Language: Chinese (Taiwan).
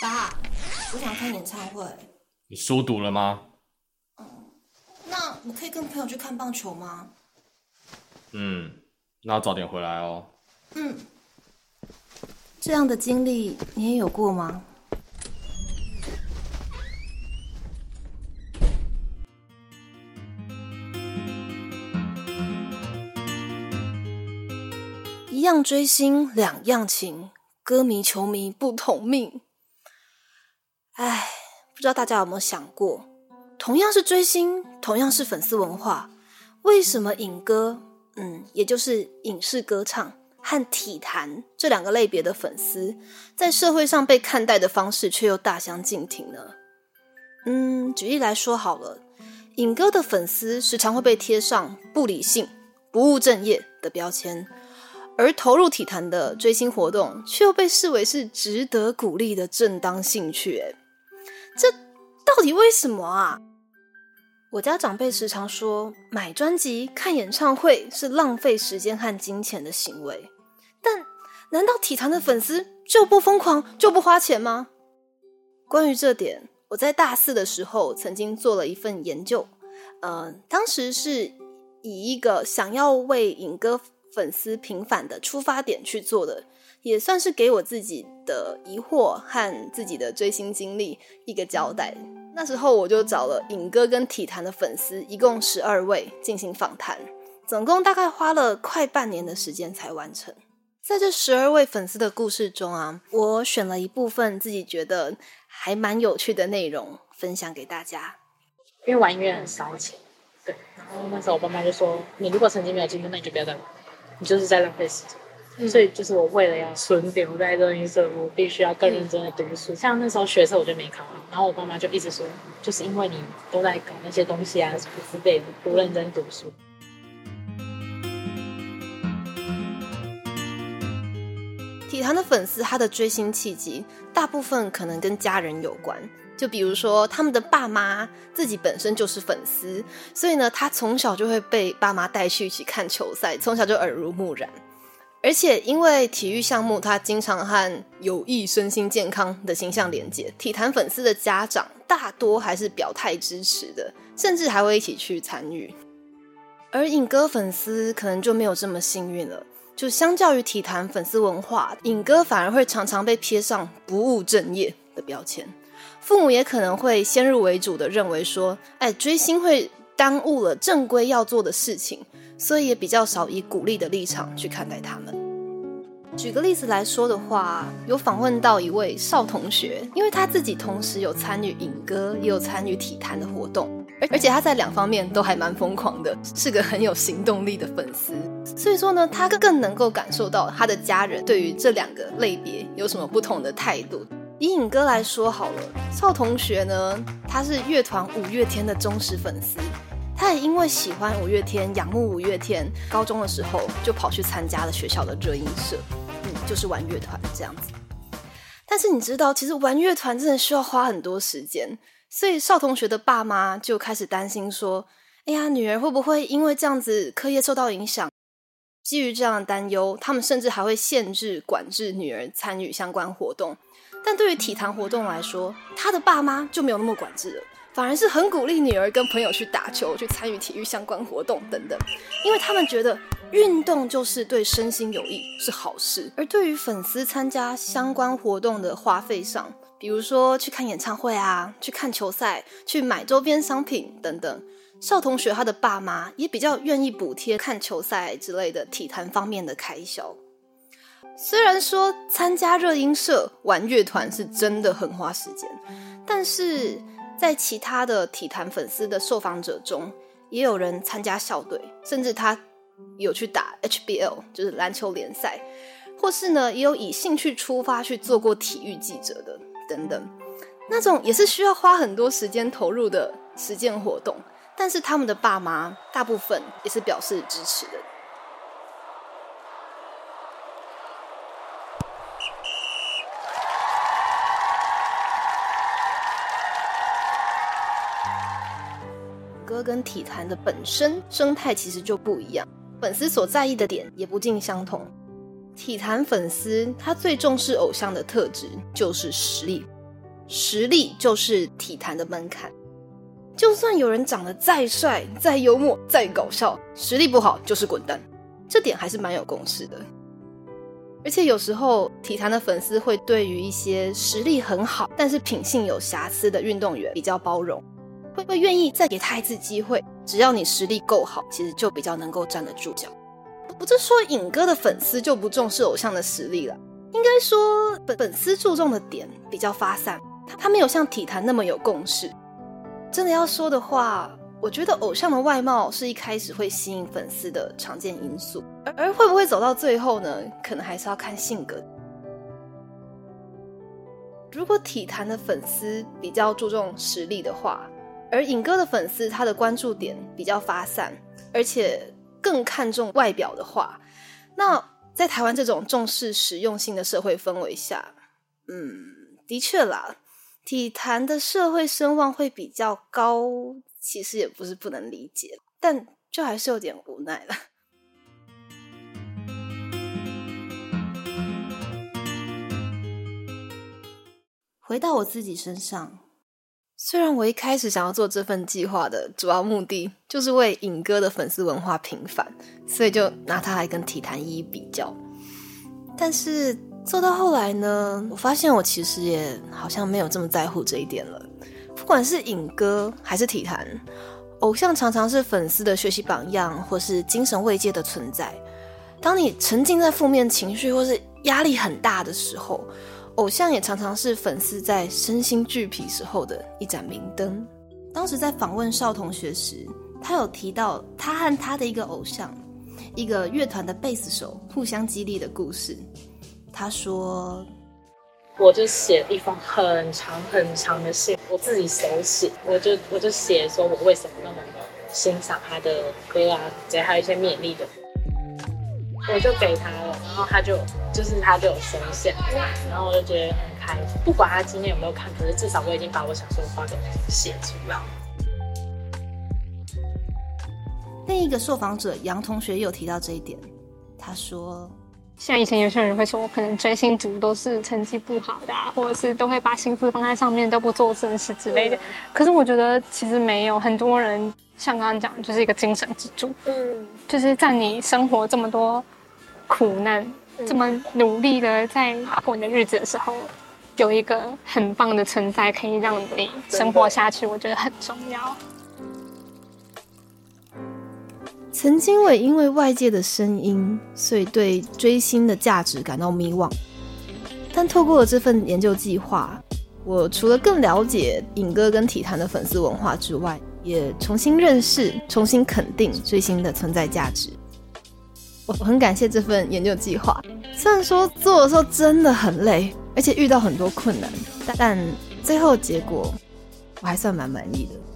爸，我想看演唱會。你書讀了嗎？嗯，那我可以跟朋友去看棒球嗎？嗯，那早點回來哦。嗯。這樣的經歷你也有過嗎？一樣追星，兩樣情，歌迷球迷不同命。不知道大家有沒有想過，同樣是追星，同樣是粉絲文化，為什麼影歌，嗯，也就是影視歌唱和體壇這兩個類別的粉絲，在社會上被看待的方式卻又大相徑庭呢？嗯，舉例來說好了，影歌的粉絲時常會被貼上不理性、不務正業的標籤，而投入體壇的追星活動卻又被視為是值得鼓勵的正當興趣，欸。這到底為什麼啊？我家長輩時常說，買專輯、看演唱會是浪費時間和金錢的行為。但難道體壇的粉絲就不瘋狂、就不花錢嗎？關於這點，我在大四的時候曾經做了一份研究。嗯、呃，當時是以一個想要為影歌粉絲平反的出發點去做的。也算是給我自己的疑惑和自己的追星經歷一個交代。那時候我就找了影歌跟體壇的粉絲一共十二位進行訪談，總共大概花了快半年的時間才完成。在這十二位粉絲的故事中啊，我選了一部分自己覺得還蠻有趣的內容分享給大家。因為玩音樂很燒錢，對。然後那時候我爸媽就說：“你如果成績沒有進步，那你就不要再玩。你就是在浪費時間。”嗯、所以就是我為了要存留在這一生，我必須要更認真的讀書。嗯、像那時候學測我就沒考好，然後我爸媽就一直說，就是因為你都在搞那些東西啊，所以不，不認真讀書。嗯、體壇的粉絲，他的追星契機，大部分可能跟家人有關。就比如說他們的爸媽自己本身就是粉絲，所以呢，他從小就會被爸媽帶去一起看球賽，從小就耳濡目染。而且，因為體育項目，它經常和有益身心健康的形象連結，體壇粉絲的家長大多還是表態支持的，甚至還會一起去參與。而影歌粉絲可能就沒有這麼幸運了，就相較於體壇粉絲文化，影歌反而會常常被貼上不務正業的標籤，父母也可能會先入為主的認為說，哎，追星會。耽誤了正規要做的事情，所以也比較少以鼓勵的立場去看待他們。舉個例子來說的話，有訪問到一位邵同學，因為他自己同時有參與影歌，也有參與體壇的活動，而且他在兩方面都還蠻瘋狂的，是個很有行動力的粉絲。所以說呢，他更能夠感受到他的家人對於這兩個類別有什麼不同的態度。以影歌來說好了，邵同學呢，他是樂團五月天的忠實粉絲。他也因為喜歡五月天，仰慕五月天，高中的時候就跑去參加了學校的熱音社，嗯，就是玩樂團這樣子。但是你知道，其實玩樂團真的需要花很多時間，所以邵同學的爸媽就開始擔心說：“哎呀，女兒會不會因為這樣子課業受到影響？”基於這樣的擔憂，他們甚至還會限制管制女兒參與相關活動。但對於體壇活動來說，他的爸媽就沒有那麼管制了。反而是很鼓勵女兒跟朋友去打球、去參與體育相關活動等等，因為他們覺得運動就是對身心有益，是好事。而對於粉絲參加相關活動的花費上，比如說去看演唱會啊、去看球賽、去買周邊商品等等，邵同學他的爸媽也比較願意補貼看球賽之類的體壇方面的開銷。雖然說參加熱音社、玩樂團是真的很花時間，但是……在其他的體壇粉絲的受訪者中，也有人參加校隊，甚至他有去打 HBL，就是籃球聯賽，或是呢也有以興趣出發去做過體育記者的等等，那種也是需要花很多時間投入的實踐活動，但是他們的爸媽大部分也是表示支持的。歌跟體壇的本身生態其實就不一樣，粉絲所在意的點也不盡相同。體壇粉絲他最重視偶像的特質就是實力，實力就是體壇的門檻。就算有人長得再帥、再幽默、再搞笑，實力不好就是滾蛋。這點還是蠻有共識的。而且有時候體壇的粉絲會對於一些實力很好，但是品性有瑕疵的運動員比較包容。會不會願意再給他一次機會？只要你實力夠好，其實就比較能夠站得住腳。不是說影歌的粉絲就不重視偶像的實力了，應該說粉粉絲注重的點比較發散，他他沒有像體壇那麼有共識。真的要說的話，我覺得偶像的外貌是一開始會吸引粉絲的常見因素，而，而會不會走到最後呢？可能還是要看性格。如果體壇的粉絲比較注重實力的話，而影歌的粉絲，他的關注點比較發散，而且更看重外表的話，那在台灣這種重視實用性的社會氛圍下，嗯，的確啦，體壇的社會聲望會比較高，其實也不是不能理解，但就還是有點無奈了。回到我自己身上，雖然我一開始想要做這份計劃的主要目的就是為影歌的粉絲文化平反，所以就拿它來跟體壇一一比較。但是做到後來呢，我發現我其實也好像沒有這麼在乎這一點了。不管是影歌還是體壇，偶像常常是粉絲的學習榜樣或是精神慰藉的存在。當你沉浸在負面情緒或是壓力很大的時候，偶像也常常是粉絲在身心俱疲時候的一盞明燈。當時在訪問邵同學時，他有提到他和他的一個偶像，一個樂團的貝斯手互相激勵的故事。他說：“我就寫一封很長很長的信，我自己手寫，我就我就寫說我為什麼那麼欣賞他的歌啊，以及還有一些勉勵的。”我就給他了，然後他就就是他就有收下，然後我就覺得很開心。不管他今天有沒有看，可是至少我已經把我想說的話給寫出來了。另一個受訪者楊同學有提到這一點，他說：“像以前有些人會說，可能追星族都是成績不好的、啊，或者是都會把心思放在上面，都不做正事之類的。嗯、可是我覺得其實沒有，很多人像剛剛講，就是一個精神支柱，嗯，就是在你生活這麼多。”苦難這麼努力的在過你的日子的時候，有一個很棒的存在可以讓你生活下去，的我覺得很重要。曾經我也因為外界的聲音，所以對追星的價值感到迷惘。但透過了這份研究計劃，我除了更了解影歌跟體壇的粉絲文化之外，也重新認識、重新肯定追星的存在價值。我很感謝這份研究計劃，雖然說做的時候真的很累，而且遇到很多困難，但最後結果我還算蠻滿意的。